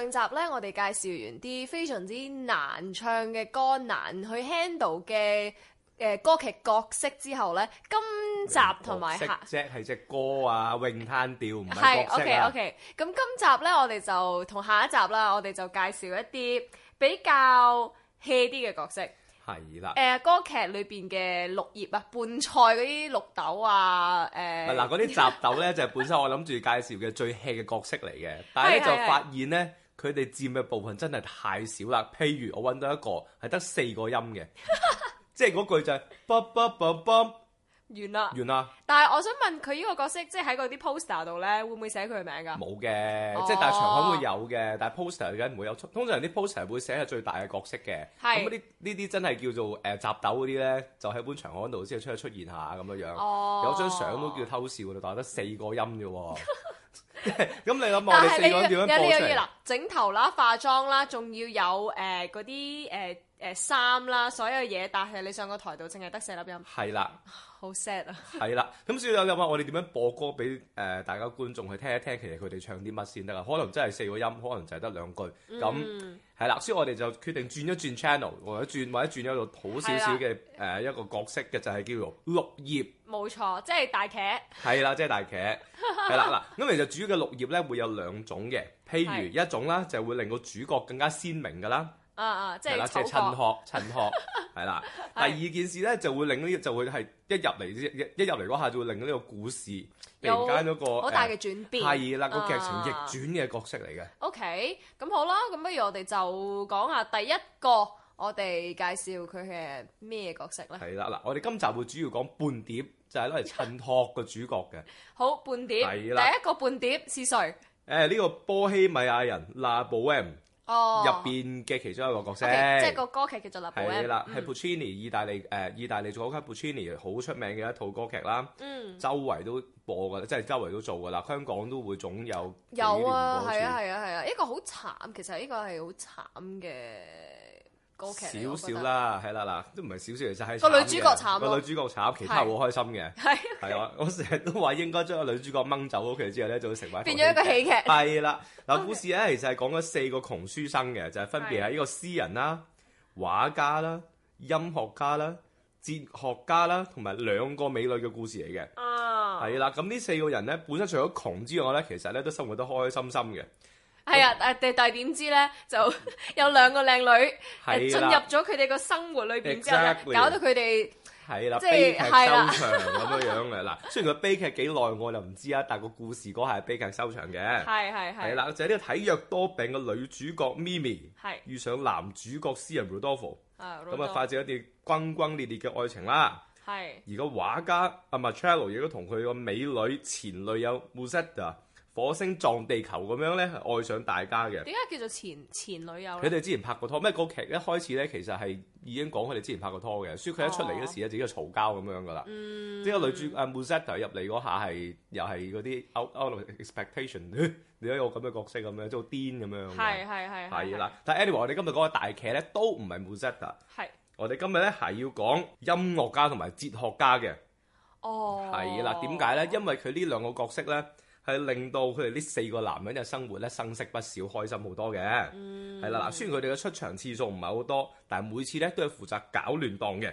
上集咧，我哋介紹完啲非常之難唱嘅歌，難去 handle 嘅誒歌劇角色之後咧，今集同埋客只係隻歌啊詠嘆調唔係角色啊。係，ok ok，咁今集咧，我哋就同下一集啦，我哋就介紹一啲比較輕啲嘅角色。係啦，誒、呃、歌劇裏邊嘅綠葉啊，拌菜嗰啲綠豆啊，誒嗱嗰啲雜豆咧，就係、是、本身我諗住介紹嘅最輕嘅角色嚟嘅， 但係咧就發現咧。佢哋佔嘅部分真係太少啦，譬如我揾到一個係得四個音嘅， 即係嗰句就係 bum b 完啦，完啦。但係我想問佢呢個角色，即係喺嗰啲 poster 度咧，會唔會寫佢嘅名㗎？冇嘅、哦，即係但係長海會有嘅，但係 poster 佢而家唔會有，通常啲 poster 會寫喺最大嘅角色嘅，咁呢呢啲真係叫做誒、呃、雜斗嗰啲咧，就喺本長海度先出出現一下咁樣樣。哦、有張相都叫偷笑，但係得四個音啫喎。 咁 你諗我哋點樣點樣播成？嗱、呢個呢個嘢啦，整頭啦、化妝啦，仲要有誒嗰啲誒誒衫啦，所有嘢，但係你上個台度淨係得四粒音。係啦。好 sad 啊！ 係啦，咁所以有你話我哋點樣播歌俾、呃、大家觀眾去聽一聽？其實佢哋唱啲乜先得啦？可能真係四個音，可能就係得兩句。咁係啦，所以我哋就決定轉一轉 channel，或者轉或者轉一個好少少嘅、呃、一個角色嘅，就係、是、叫做綠葉。冇錯，即、就、係、是、大茄。係、就、啦、是，即係大茄。係啦嗱，咁其實主要嘅綠葉咧會有兩種嘅，譬如一種啦，就會令個主角更加鮮明㗎啦。啊啊，即係啦，即係襯托襯托，係啦。 第二件事咧，就會令呢，就會係一入嚟一入嚟嗰下，就會令到呢個故事突然間嗰個好大嘅轉變，係、呃、啦，個劇情逆轉嘅角色嚟嘅。O K，咁好啦，咁不如我哋就講下第一個我哋介紹佢係咩角色咧？係啦，嗱，我哋今集會主要講伴碟，就係攞嚟襯托個主角嘅。 好，伴碟。係啦，第一個伴碟是誰？誒、呃，呢、這個波希米亞人 La Bohème。入、哦、面嘅其中一個角色，okay, 即係個歌劇叫做《立破，係啦，係 Puccini 意大利、呃、意大利作家 Puccini 好出名嘅一套歌劇啦。嗯，周圍都播㗎啦，即係周圍都做㗎啦。香港都會總有。有啊，係啊，係啊，係啊，一、啊，呢個好慘，其實呢個係好慘嘅。少少啦，係啦嗱，都唔係少少，其實係個女主角炒。個、okay, okay, 女主角炒，其他好開心嘅，係係啊，我成日都話應該將個女主角掹走，咗佢之後咧就會成為變咗一個喜劇。係啦，嗱，故事咧其實係講咗四個窮書生嘅，就係分別係呢個詩人啦、畫家啦、音樂家啦、哲學家啦，同埋兩個美女嘅故事嚟嘅。啊，係啦，咁呢四個人咧本身除咗窮之外咧，其實咧都生活得開開心心嘅。係啊，oh. 但但係點知咧，就有兩個靚女進入咗佢哋個生活裏邊之後，搞到佢哋即係悲劇收場咁樣嘅。嗱，雖然佢悲劇幾耐，我就唔知啊，但個故事嗰下悲劇收場嘅、啊，係係係啦，就係、是、呢個體弱多病嘅女主角 Mimi，遇上男主角私人 Rodolfo 咁啊、Rondo、就發展一啲轟轟烈烈嘅愛情啦。係而個畫家阿 Marcello 亦都同佢個美女前女友 Musetta 火星撞地球咁樣咧，愛上大家嘅。點解叫做前前女友咧？佢哋之前拍過拖，咩個劇一開始咧，其實係已經講佢哋之前拍過拖嘅。所以佢一出嚟嗰時咧、哦，自己就嘈交咁樣噶啦。嗯，之後女主啊，Musetta 入嚟嗰下係又係嗰啲 out, out expectation，呵呵，你一個咁嘅角色咁樣的，即係好癲咁樣。係係係係。係啦，但係 anyway，我哋今日講嘅大劇咧都唔係 Musetta。係。我哋今日咧係要講音樂家同埋哲學家嘅。哦。係啦，點解咧？因為佢呢兩個角色咧。係令到佢哋呢四個男人嘅生活咧，生色不少，開心好多嘅。係、嗯、啦，嗱，雖然佢哋嘅出場次數唔係好多，但係每次咧都係負責搞亂檔嘅。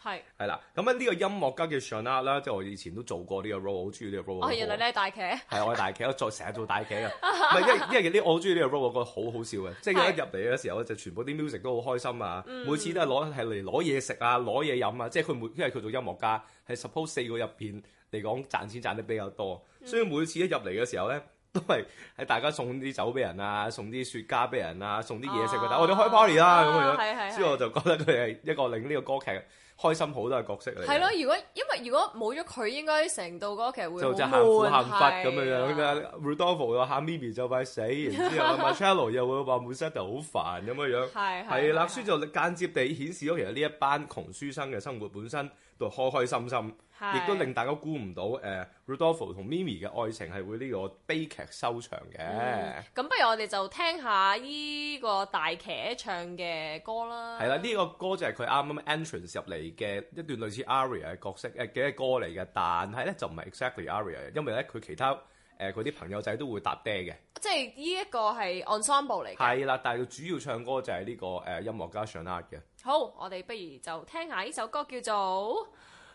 係係啦，咁咧呢個音樂家嘅上 h u 啦，即係我以前都做過呢個 role，好中意呢個 role。哦，原來你係大劇。係我係大劇，我再成日做大劇啊！唔係，因為因為啲我好中意呢個 role，我覺得好好笑嘅。 即係一入嚟嘅時候咧，就全部啲 music 都好開心啊、嗯！每次都係攞係嚟攞嘢食啊，攞嘢飲啊，即係佢每因為佢做音樂家，係 suppose 四個入邊。嚟講賺錢賺得比較多，所以每次一入嚟嘅時候咧、嗯，都係喺大家送啲酒俾人，人啊，送啲雪茄俾人啊，送啲嘢食，但係我哋開 party 啦咁樣，是是是所以我就覺得佢係一個令呢個歌劇開心好多嘅角色嚟。係咯，如果因為如果冇咗佢，應該成套歌劇會就就喊苦喊佛咁樣樣嘅。Rodolfo 喊 Mimi 就快死， 然之後 Marcello 又會話 Musetta 好煩咁樣樣，係係啦。書就間接地顯示咗其實呢一班窮書生嘅生活本身都開開心心。亦都令大家估唔到，誒、uh、Rodolfo 同 Mimi 嘅愛情係會呢個悲劇收場嘅。咁、嗯、不如我哋就聽下呢個大騎唱嘅歌啦。係、嗯、啦，呢、這個歌就係佢啱啱 entrance 入嚟嘅一段類似 aria 嘅角色誒嘅、呃、歌嚟嘅，但係咧就唔係 exactly aria 嘅，因為咧佢其他誒佢啲朋友仔都會搭爹嘅。即係呢一個係 ensemble 嚟嘅。係啦，但係佢主要唱歌就係呢、這個誒、呃、音樂家 Schaunard 嘅。好，我哋不如就聽下呢首歌叫做。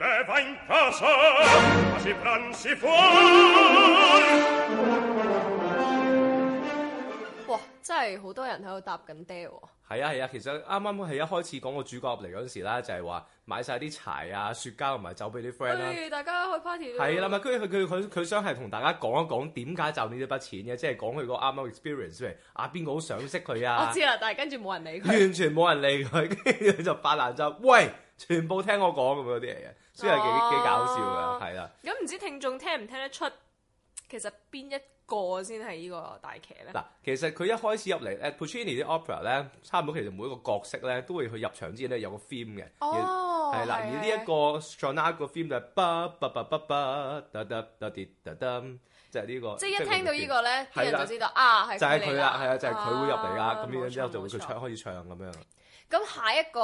哇！真係好多人喺度搭緊爹喎、哦。係啊係啊，其實啱啱係一開始講個主角入嚟嗰陣時啦，就係、是、話買晒啲柴啊、雪糕同埋酒俾啲 friend 啦。跟住大家開 party 啦。係啦、啊，咪跟住佢佢佢佢想係同大家講一講點解就呢啲筆錢嘅，即係講佢個啱啱 experience 嚟。啊，邊個好想識佢啊？ 我知啦，但係跟住冇人理佢，完全冇人理佢，跟住佢就發爛就喂，全部聽我講咁嗰啲嚟嘅。即係幾幾搞笑嘅，係啦。咁、嗯、唔知聽眾聽唔聽得出其，其實邊一個先係呢個大騎咧？嗱，其實佢一開始入嚟，Puccini 啲 opera 咧，差唔多其實每一個角色咧，都會去入場之前咧有個 theme 嘅。哦。係啦，而呢一個 Strad 嘅 theme 就係 b 即係呢個。即係一聽到呢、這個咧，啲、那個、人就知道啊，係就係佢啦，係啊，就係、是、佢會入嚟啊。咁然之後，後就佢唱，開始唱咁樣。咁下一個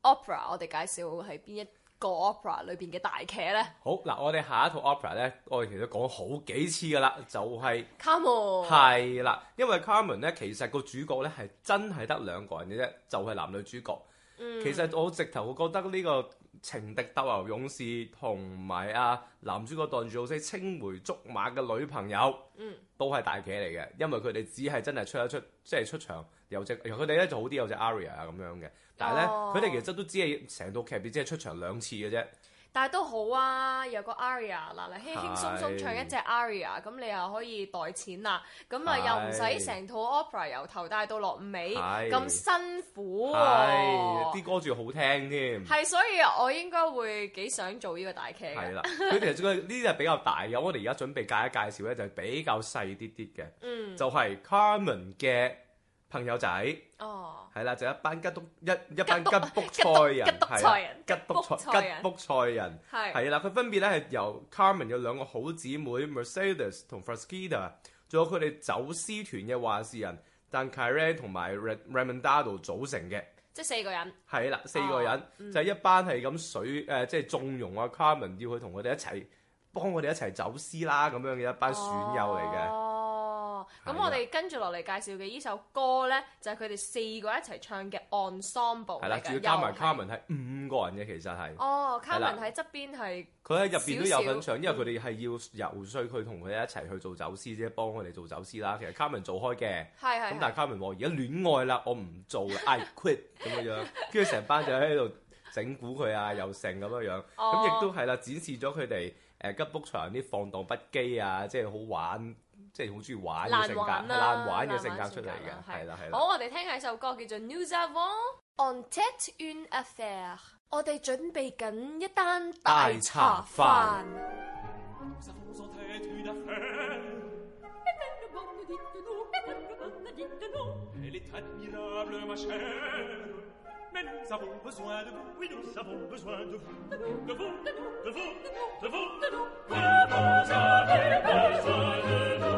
opera 我哋介紹係邊一？那個 opera 裏邊嘅大劇呢？好嗱，我哋下一套 opera 呢，我哋其實講好幾次噶啦，就係卡門係啦，因為卡門呢，其實個主角呢，係真係得兩個人嘅啫，就係男女主角。Mm. 其實我直頭會覺得呢個情敵鬥牛勇士同埋啊男主角當住老師青梅竹馬嘅女朋友，mm. 都係大劇嚟嘅，因為佢哋只係真係出一出，即係出場。有隻，佢哋咧就好啲，有隻 aria 啊咁樣嘅。但係咧，佢、oh. 哋其實都知道整只係成套劇，只係出場兩次嘅啫。但係都好啊，有個 aria，嗱嗱輕輕鬆鬆唱一隻 aria，咁你又可以袋錢啦。咁啊，又唔使成套 opera 由頭戴到落尾咁辛苦，啊。係，啲歌仲要好聽添，啊。係，所以我應該會幾想做呢個大劇。係啦，佢哋呢啲係比較大嘅。 我哋而家準備介一介紹咧，就係、是、比較細啲啲嘅。嗯，就係、是、Carmen 嘅。朋友仔，哦，係啦，就係、一班吉卜一一班吉卜賽人，係啦，吉卜賽吉卜賽人，係係啦，佢分別咧係由 Carmen 有兩個好姊妹 Mercedes 同 Frasquita，仲有佢哋走私團嘅話事人 Dancaire 同埋 Remendado 組成嘅，即係四個人，係啦，四個人、哦、就係、係、一班係咁水誒，即、就、係、係、縱容阿 Carmen 要去同佢哋一齊幫佢哋一齊走私啦，咁樣嘅一班損友嚟嘅。哦咁我哋跟住落嚟介紹嘅呢首歌咧，就係佢哋四個一齊唱嘅 ensemble。係啦，仲要加埋 Carmen 係五個人嘅，其實係。哦，Carmen 喺側邊係。佢喺入面都有份唱，少少因為佢哋係要游說佢同佢一齊去做走私，即係幫佢哋做走私啦。其實 Carmen 做開嘅。咁但係 Carmen 話：而家戀愛啦，我唔做 ，I quit 咁樣樣。跟住成班就喺度整蠱佢啊，又成咁樣樣。咁、哦、亦都係啦，展示咗佢哋誒吉卜賽人啲放蕩不羈啊，即係好玩。即係好中意玩嘅性格，係懶玩嘅性格出嚟嘅，係啦係啦。好，我哋聽下首歌叫做《Nous avons en tête une affaire》我哋準備緊一單大茶飯。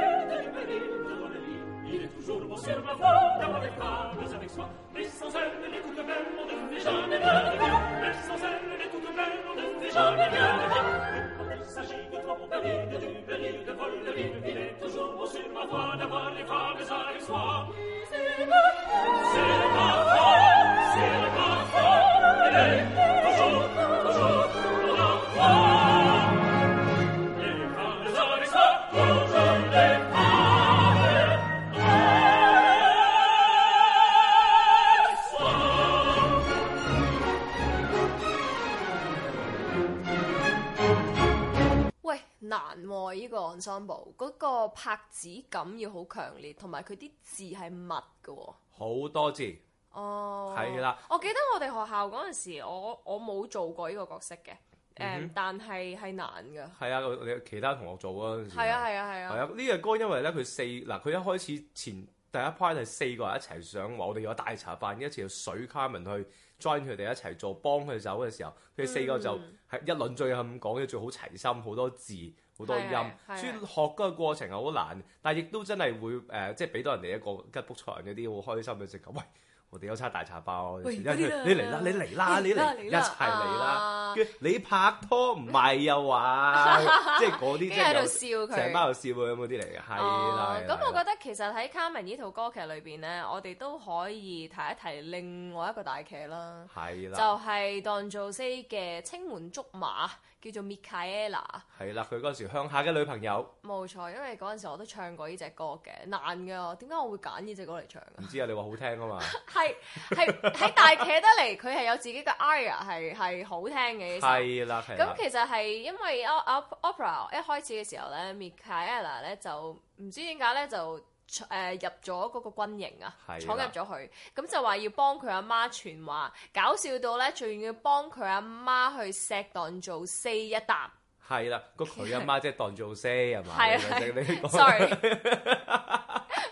拍子感要好強烈，同埋佢啲字係密㗎喎、哦。好多字哦，係、oh，啦。我記得我哋學校嗰陣時，我我冇做過呢個角色嘅，誒、mm-hmm.，但係係難㗎。係啊，你其他同學做嗰陣時是啊。係啊，係啊，係啊。係啊，呢個歌因為咧佢四嗱，佢一開始前第一 part 係四個人一齊上，我哋有大茶飯，一齊水 Carmen 去 join 佢哋一齊做，幫佢走嘅時候，佢四個就係一輪嘴咁講，要、mm-hmm. 最好齊心，好多字。好多音，所以學嗰個過程係好難，是是是，但係亦都真係會誒、呃，即係俾到人哋一個吉卜賽人嗰啲好開心嘅即係，喂，我哋有餐大茶包，就是、你嚟啦，你嚟啦，你嚟，一齊嚟啦！你，啦，你，你，啦啦、啊、你拍拖唔係又話， 即係嗰啲即係又成班又笑佢咁嗰啲嚟嘅，係、啊、啦。咁我覺得其實喺卡門呢套歌劇裏邊咧，我哋都可以提一提另外一個大劇啦，係啦，就係當造 C 嘅青門竹馬。叫做 Micaela，係啦，佢嗰時鄉下嘅女朋友。冇錯，因為嗰陣時我都唱過呢隻歌嘅，難嘅、啊。點解我會揀呢隻歌嚟唱、啊？唔知啊，你話好聽啊嘛 係。係係喺大劇得嚟，佢係有自己嘅 aria 啊，係好聽嘅。係啦，咁其實係因為 Opera 一開始嘅時候咧，Micaela 咧就唔知點解咧就。誒入咗嗰個軍營啊，闖入咗佢，咁就話要幫佢阿媽傳話，搞笑到咧，仲要幫佢阿媽去錫當做 C 一啖。係啦，個佢阿媽即係當做 C 係嘛？係啊，sorry，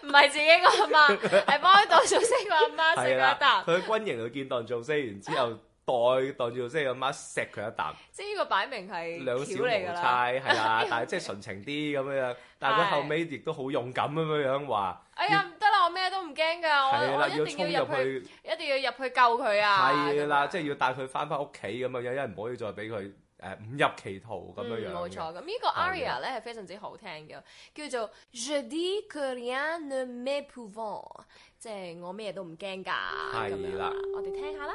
唔係 自己個阿媽，係 幫佢當做 C 個阿媽錫一啖。佢喺軍營度見當做 C，然之後。 代當住即係咁樣錫佢一啖，即係呢個擺明係兩小無猜嚟㗎啦。係啊， 但係即係純情啲咁樣，但係佢後尾亦都好勇敢咁樣樣話，哎呀，唔得啦，我咩都唔驚㗎，我一定要，要衝入去，一定要入去救佢啊！係啦，即係要帶佢翻返屋企咁啊樣，一唔可以再俾佢誒誤入歧途咁、嗯、樣冇錯，咁、這、呢個 aria 呢係非常之好聽嘅，叫做 Je dis que rien ne m'épouvante 即係、就是、我咩都唔驚㗎。係啦，我哋聽下啦。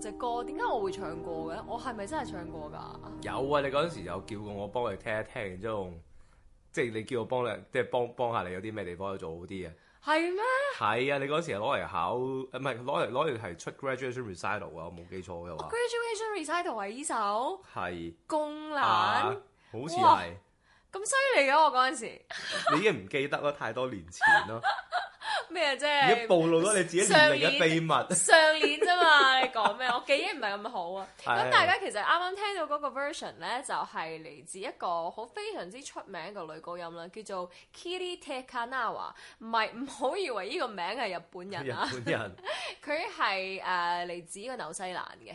隻歌點解我會唱過嘅？我係咪真係唱過㗎？有啊，你嗰陣時有叫過我幫你聽一聽，然之後即係你叫我幫你，即係幫幫下你有啲咩地方可以做好啲嘅。係咩？係啊，你嗰陣時攞嚟考，唔係攞嚟攞嚟係出 graduation recital 啊！我冇記錯嘅話。graduation recital 係呢首。係。功啦。好似係。咁犀利嘅，我嗰陣時。你已經唔記得啦，太多年前咯。 咩即係？暴露咗你自己嘅秘，秘密。上年啫嘛，你講咩？ 我記憶唔係咁好啊。咁 大家其實啱啱聽到嗰個 version 咧，就係嚟自一個好非常之出名嘅女高音啦，叫做 Kiri Te Kanawa。唔係，唔好以為呢個名係日本人啊，日本人？佢係誒嚟自一個紐西蘭嘅。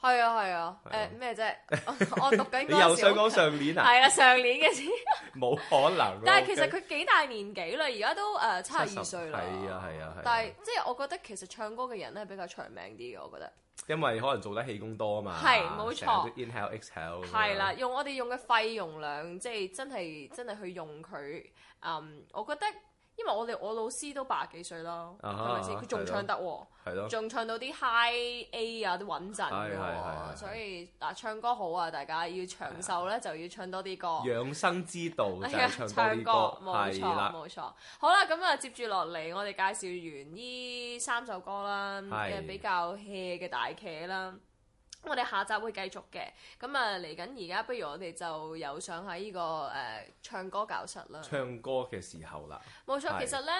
係啊係啊，誒咩啫？啊呃、 我讀緊嗰陣時 你又想講上年啊？係啊，上年嘅先，冇 可能、啊。但係其實佢幾大年紀啦，而家都誒七十二歲啦。係啊係啊係、啊。但係即係我覺得其實唱歌嘅人咧比較長命啲嘅，我覺得。因為可能做得氣功多啊嘛。係冇錯。Inhale exhale 啦，用我哋用嘅肺容量，即係真係真係去用佢。嗯，我覺得。因為我哋我老師都八十幾歲啦，係咪先？佢仲唱得喎，仲、啊、唱到啲 high A 啊，都穩陣㗎喎。對對對對，所以唱歌好啊，大家要長壽咧，就要唱多啲歌。養生之道就係唱、啊、唱歌，冇錯冇錯，錯。好啦，咁啊接住落嚟，我哋介紹完呢三首歌啦，嘅比較 hea 嘅大劇啦。我哋下集會繼續嘅咁啊，嚟緊而家不如我哋就有想喺呢個唱歌教室啦。唱歌嘅時候啦，冇錯，其實咧誒、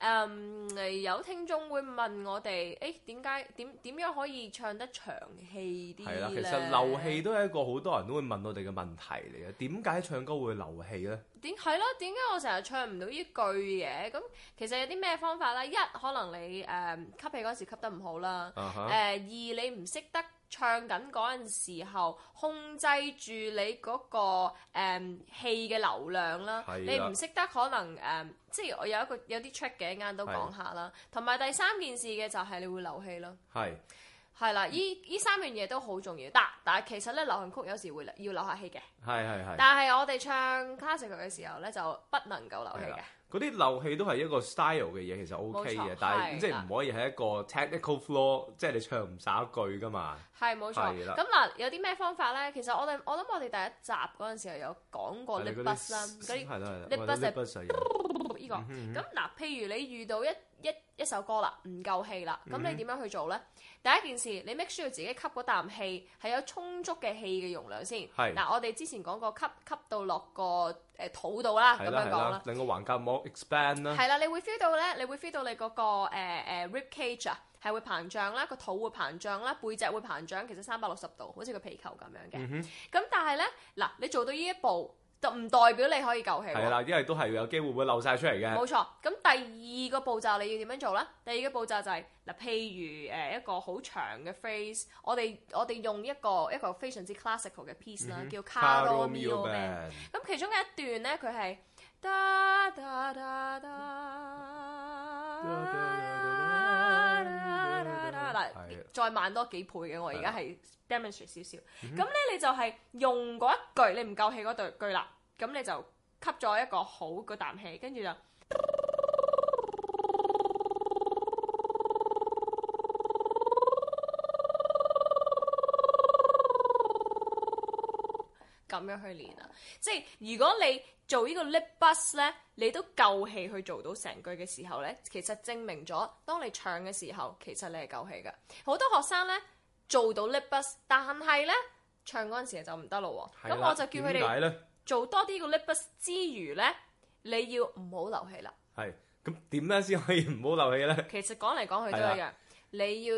嗯、有聽眾會問我哋：誒點解點點樣可以唱得長氣啲咧？係啦，其實漏氣都係一個好多人都會問我哋嘅問題嚟嘅。點解唱歌會漏氣咧？點係啦？點解我成日唱唔到呢句嘢咁？其實有啲咩方法啦？一可能你、呃、吸氣嗰時吸得唔好啦、uh-huh. 呃，二你唔識得。唱緊嗰陣時候，控制住你嗰、嗰個誒氣嘅流量啦。你唔識得可能、嗯、即係我有一個有啲 check 嘅，一間都講下啦。同埋第三件事嘅就係你會漏氣咯。係係啦，呢、嗯、三樣嘢都好重要。但但係其實咧，流行曲有時會要漏下氣嘅。係係係。但係我哋唱卡式曲嘅時候咧，就不能夠漏氣嘅。嗰啲漏氣都係一個 style 嘅嘢，其實 OK 嘅，但係即係唔可以係一個 technical flaw，即係你唱唔晒一句㗎嘛。係冇錯。係啦。咁嗱，有啲咩方法咧？其實我哋我諗我哋第一集嗰陣時候有講過啲筆啦，嗰啲筆筆細，呢、這個。咁、嗯、嗱、嗯，譬如你遇到一一一首歌啦，唔夠氣啦，咁你點樣去做呢、嗯？第一件事，你 make sure 自己吸嗰啖氣，係有充足嘅氣嘅容量先。嗱、啊，我哋之前講過吸，吸吸到落個誒、欸、肚度啦，咁樣講啦，令個橫膈膜 expand 啦、嗯。係啦，你會 feel 到呢？你會 feel 到你嗰、那個誒、呃、rib cage 啊，係會膨脹啦，個肚會膨脹啦，背脊會膨脹，其實三百六十度，好似個皮球咁樣嘅。咁、嗯、但係呢，嗱、啊，你做到呢一步。就唔代表你可以救氣，係啦，因為都係有機會會漏晒出嚟嘅。冇錯，咁第二個步驟你要點樣做咧？第二個步驟就係、是、嗱，譬如誒一個好長嘅 phrase，我哋我哋用一個一個非常之 classical 嘅 piece 啦、嗯，叫 Caro mio ben。咁其中嘅一段咧，佢係，打打打打打打打打嗱，再慢多幾倍嘅，我而家係 demonstrate 少少。咁咧，你就係用嗰一句你唔夠氣嗰句啦。咁你就吸咗一個好嗰啖氣，跟住就咁樣去練啊。即係如果你做呢個 lip bus 咧。你都夠氣去做到成句嘅時候呢，其實證明咗，當你唱嘅時候，其實你係夠氣嘅。好多學生呢，做到 lipus，但係呢，唱嗰陣時就唔得咯喎。咁我就叫佢哋做多啲個 lipus 之餘呢，你要唔好漏氣啦。係，咁點咧先可以唔好漏氣呢？其實講嚟講去都一樣，你要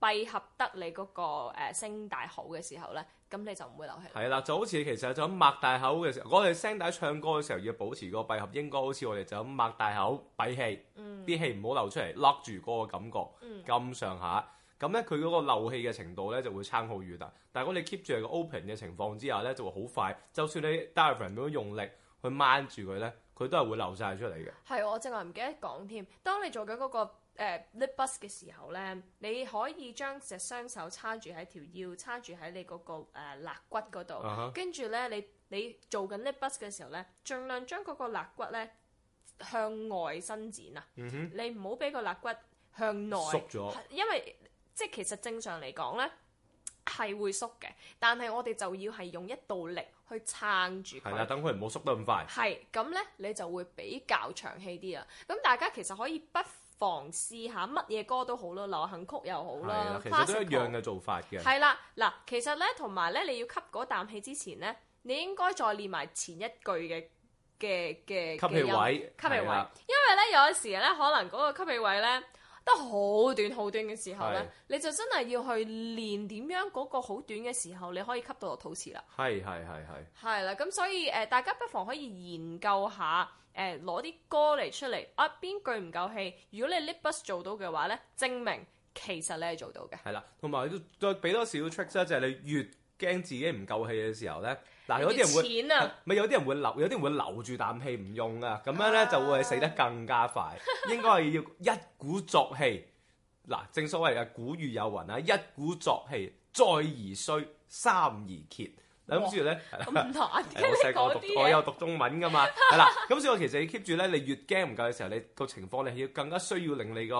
閉合得你嗰個誒聲帶好嘅時候呢。咁你就唔會漏氣。係啦，就好似其實就咁擘大口嘅時候，我哋聲帶唱歌嘅時候要保持個閉合，應該好似我哋就咁擘大口閉氣，啲、嗯、氣唔好流出嚟，lock 住個感覺，咁上下。咁咧，佢嗰個漏氣嘅程度咧就會差好遠啦。但如果我哋 keep 住個 open 嘅情況之下咧，就會好快。就算你 diaphragm 都用力去掹住佢咧。佢都係會流晒出嚟嘅。係，我正話唔記得講添。當你做緊嗰個誒 lift bus 嘅時候咧，你可以將隻雙手叉住喺條腰，叉住喺你嗰個誒 uh-huh. 個肋骨嗰度。跟住咧，你你做緊 lift bus 嘅時候咧，儘量將嗰個肋骨咧向外伸展啊！Uh-huh. 你唔好俾個肋骨向內縮咗，因為即係其實正常嚟講咧係會縮嘅，但係我哋就要係用一道力。去撐住佢，係啦，等佢唔好縮得咁快。係咁呢，你就會比較長氣啲啊！咁大家其實可以不妨試下乜嘢歌都好咯，流行曲又好啦，其實都一樣嘅做法嘅。係啦，嗱，其實呢，同埋呢，你要吸嗰啖氣之前呢，你應該再練埋前一句嘅嘅嘅吸氣位，吸氣位，因為呢，有陣時呢，可能嗰個吸氣位呢。得好短好短嘅時候呢，你就真係要去練點樣嗰個好短嘅時候，你可以吸到落肚臍啦。係係係係。係啦，咁所以誒、呃，大家不妨可以研究下誒，攞、呃、啲歌嚟出嚟啊，邊句唔夠氣？如果你 lip buzz 做到嘅話呢，證明其實你係做到嘅。係啦，同埋再俾多少少 trick 咧，就係、是、你越驚自己唔夠氣嘅時候呢。嗱，有啲人會，有啲人會留，有啲人會留住啖氣唔用啊，咁樣咧就會死得更加快。應該係要一鼓作氣。嗱，正所謂啊，古語有云啊，一鼓作氣，再而衰，三而竭。諗住咧，咁唔我識，我我，我有讀中文噶嘛？係 啦，咁所以我其實要 keep 住咧，你越驚唔夠嘅時候，你個情況咧要更加需要令你個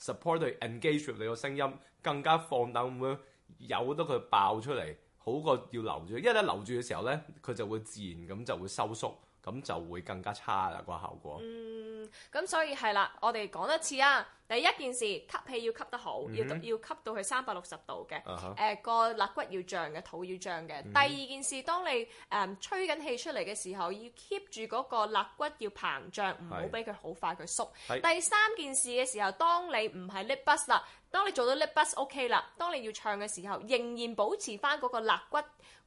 support engage 你個聲音更加放膽咁樣，由得佢爆出嚟。好過要留住，因為咧留住嘅時候咧，佢就會自然噉就會收縮。咁就會更加差啦個效果。嗯，咁所以係啦，我哋講一次啊。第一件事吸氣要吸得好，嗯、要要吸到去三百六十度嘅。誒個肋骨要漲嘅，肚要漲嘅。第二件事，當你誒、嗯、吹緊氣出嚟嘅時候，要 keep 住嗰個肋骨要膨脹，唔好俾佢好快佢縮。第三件事嘅時候，當你唔係 lip bust 啦，當你做到 lip bust OK 啦，當你要唱嘅時候，仍然保持翻嗰個肋骨。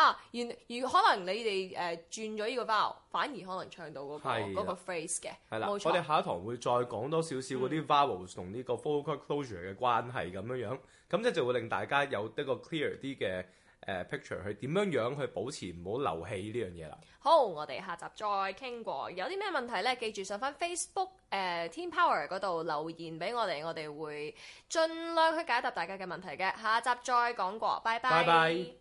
啊，而而可能你哋誒、呃、轉咗呢個 vowel 反而可能唱到嗰、那個那個 phrase 嘅。係啦，冇錯，我哋下一堂會再講多少少嗰啲 vowels 同呢個 focal closure 嘅關係咁樣樣，咁、嗯、即就會令大家有一個 clear 啲嘅誒 picture 去點樣樣去保持唔好漏氣呢樣嘢啦。好，我哋下集再傾過。有啲咩問題咧？記住上翻 Facebook 誒、呃、Team Power 嗰度留言俾我哋，我哋會盡量去解答大家嘅問題嘅。下集再講過，拜拜。Bye bye。